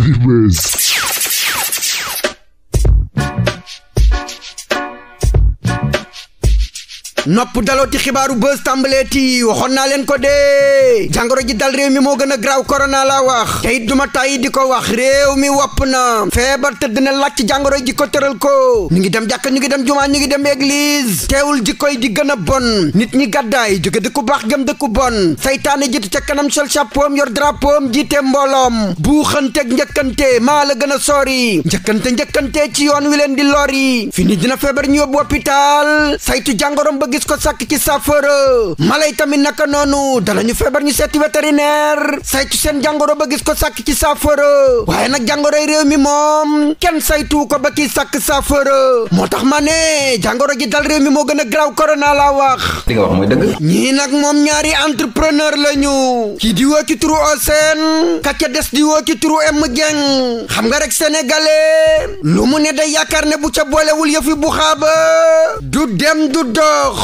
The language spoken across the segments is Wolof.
Heavyweights. nopp dalooti xibaaru buzz tàmbaleeti waxoon naa leen ko dee jàngoro ji dal réew mi moo gën a graaw korona laa wax te it duma tàyyi di ko wax réew mi wopp na feebar tëdd na làcc jàngoro ji ko tëral ko ñu ngi dem jàkka ñu ngi dem jumaa ñu ngi dem église teewul jikkoy di gën a bon nit ñi gàddaay jóge dëkku baax jëm dëkku bon saytaane jiitu ca kanam sol chapeau yor drapeau jiite mbooloom buuxanteeg njëkkante maa la gën a sori njëkkante njëkkante ci yoon wi leen di lor yi fi nit dina feebar ñu yóbbu hôpital saytu jàngoroom bëgg gis ko sàkk ci saafara mala yi tamit naka noonu danañu feebar ñu seeti vétérinaire saytu seen jàngoro ba gis ko sàkk ci saafara waaye jàngoro réew mi moom kenn saytu ko ba kii sàkk saafara moo tax ma ne jàngoro ji dal mi moo gën a graw corona laa nag moom ñaari entrepreneur lañu kii di woo ci turu Osen ka ca des di woo ci turu M Dieng xam nga rek sénégalais lu mu ne day ne bu ca boolewul yëfi bu xaaba du dem du dox.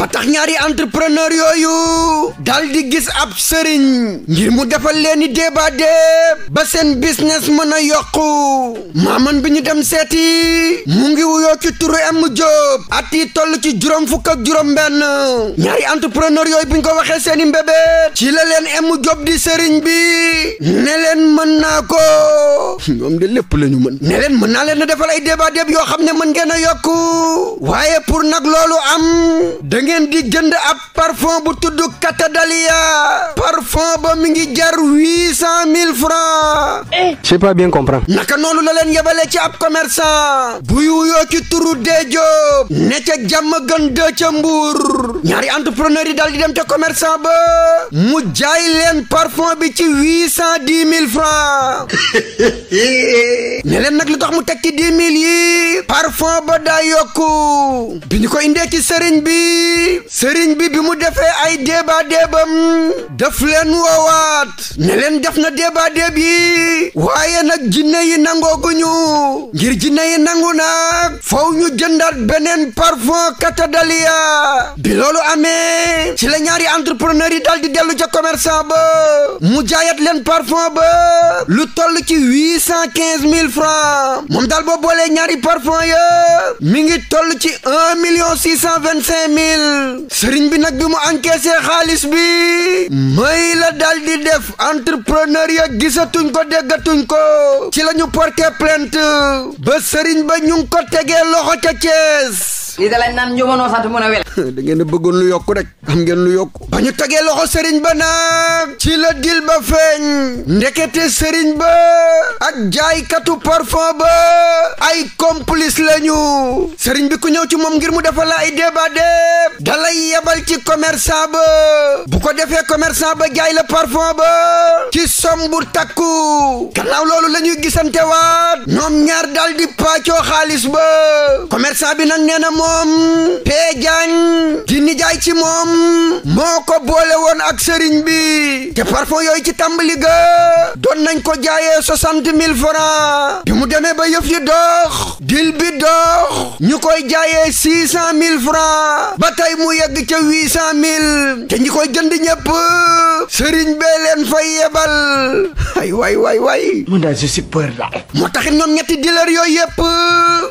ba tax ñaari entrepreneur yooyu daal di gis ab sëriñ ngir mu defal leen i débat déeb ba seen business mën a yokku maaman bi ñu dem seeti mu ngi wuyoo ci turu M Diop at yi toll ci juróom fukk ak juróom benn ñaari entrepreneur yooyu bi ñu ko waxee seen i ci la leen M Diop di sëriñ bi ne leen mën naa ko ñoom de lépp la ñu mën ne leen mën naa leen a defal ay débat déeb yoo xam ne mën ngeen a yokku waaye pour nag loolu am ngeen di jënd ab parfum bu tudd Catadalia parfum ba mi ngi jar huit cent mille francs j'ai pas bien comprendre. naka noonu la leen yabalee ci ab commerçant buy wuyoo ci turu Deejoob ne ca jàmm gën dë ca Mbuur ñaari entrepreneur yi daal di dem ca commerçant ba mu jaay leen parfum bi ci huit cent dix mille francs ne nag lu tax mu teg ci dix mille yi parfum ba daa yokku bi ñu ko indee ci sëriñ bi sëriñ bi bi mu defee ay déeba déebam daf leen woowaat ne leen def na déeba déeb yi waaye nag jinne yi nangooguñu ngir jinne yi nangu nag faw ñu jëndaat beneen parfum katadalia bi loolu amee ci la ñaari entrepreneur yi dal di dellu ca commerçant ba mu jaayat leen parfum ba lu toll ci huit cent quinze mille francs moom daal boo boolee ñaari parfum ya mi ngi toll ci un million cent vingt cinq mille sëriñ bi nag bi mu encaissé xaalis bi may la dal di def entrepreneur ya gisatuñ ko déggatuñ ko ci lañu ñu porté plainte ba sëriñ ba ñu ngi ko tegee loxo ca Thiès lii da lañ naan njumanoo sant mun a wel da ngeen a bëggoon lu yokk rek am ngeen lu yokk ba ñu tegee loxo sëriñ ba nag ci la dil ba feeñ ndekete sëriñ ba ak jaaykatu parfum ba ay complice lañu sëriñ bi ku ñëw ci moom ngir mu defal la ay débat déeb da lay yebal ci commerçant ba bu ko defee commerçant ba jaay la parfum ba ci som takku gannaaw loolu la ñuy gisante waa ñoom ñaar dal di xaalis ba commerçant bi nag nee na moom pee di nijaay ci moom moo ko boole woon ak sëriñ bi te parfum yooyu ci tàmbali ga doon nañ ko jaayee soixante mille francs bi mu demee ba yëf yi dox dil bi dox ñu koy jaayee six cent mille francs ba tey mu yegg ca huit cent mille te ñi koy jënd ñëpp sëriñ bee leen fay yebal ay waay waay waay. mu daal je suis peur moo tax ndax ñoom ñetti dealer yooyu yëpp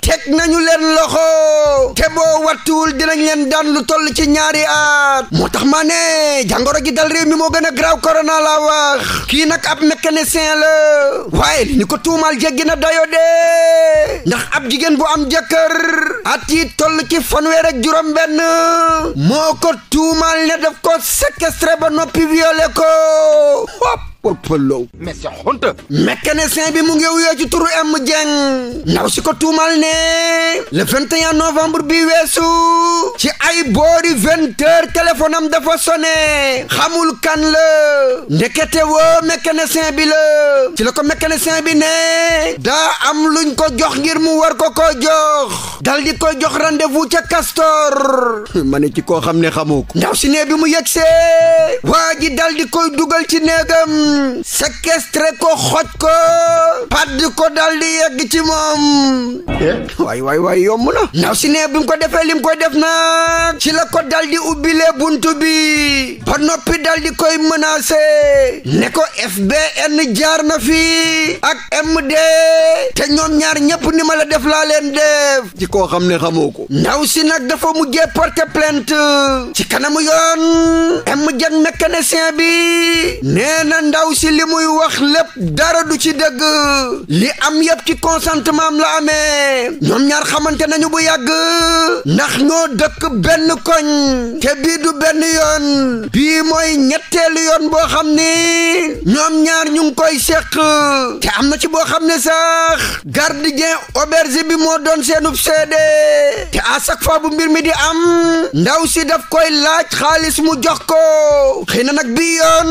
teg nañu leen loxo te boo wattuwul dinañ leen daan lu toll ci ñaari at moo tax maa ne jàngoro gi dal réew mi moo gën a graaw corona laa wax kii nag ab mécanicien la waaye ñu ko tuumal jéggi na dayo de ndax ab jigéen bu am jëkkër at yi toll ci fanweer ak juróom benn moo ko tuumal ne daf ko séquestré ba noppi violé ko përpëloo mais c'est bi mu ngi wuyoo ci turu M Dieng ndaw si ko tuumal ne le 21 novembre bi weesu ci ay boori vingt heures téléphone am dafa sonné xamul kan la ndekete woo mécanicien bi la ci la ko mécanicien bi ne daa am luñ ko jox ngir mu war ko ko jox dal di ko jox rendez-vous ca Castor ma ne ci koo xam ne xamoo ndaw si ne mu yegsee waa ji koy dugal ci néegam séquestré ko xoj ko padd ko daldi yegg ci moom waay waay waay yomb na ndaw si ne bi ko defee lim koy def nag ci la ko dal di ubbilee buntu bi ba noppi dal di koy menacé ne ko FBN jaar na fi ak MD te ñoom ñaar ñëpp ni ma la def laa leen def ci koo xam ne xamoo ko ndaw si nag dafa mujjee porter plainte ci kanamu yoon MD mécanicien bi nee na ndaw si li muy wax lépp dara du ci dëgg li am yëpp ci consentement am la amee ñoom ñaar xamante nañu bu yàgg ndax ñoo dëkk benn koñ te bii du benn yoon bii mooy ñetteelu yoon boo xam ni ñoom ñaar ñu ngi koy seq te am na ci boo xam ne sax gardien auberge bi moo doon seenub seede te à chaque fois bu mbir mi di am ndaw si daf koy laaj xaalis mu jox ko xëy na nag bii yoon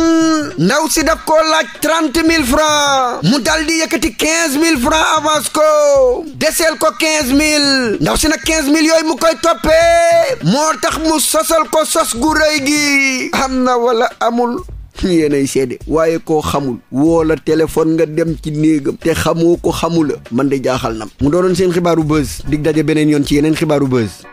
ndaw si daf koo laaj trente mille francs mu dal di yëkkati quinze mille ko deseel ko 15000 ndaw si nag 15000 yooyu mu koy toppee moo tax mu sosal ko sos gu rëy gi am na wala amul. yéenay seede waaye koo xamul woo la téléphone nga dem ci néegam te xamoo ko xamula man de jaaxal nam mu doonoon seen xibaaru buzz dig daje beneen yoon ci yeneen xibaaru buzz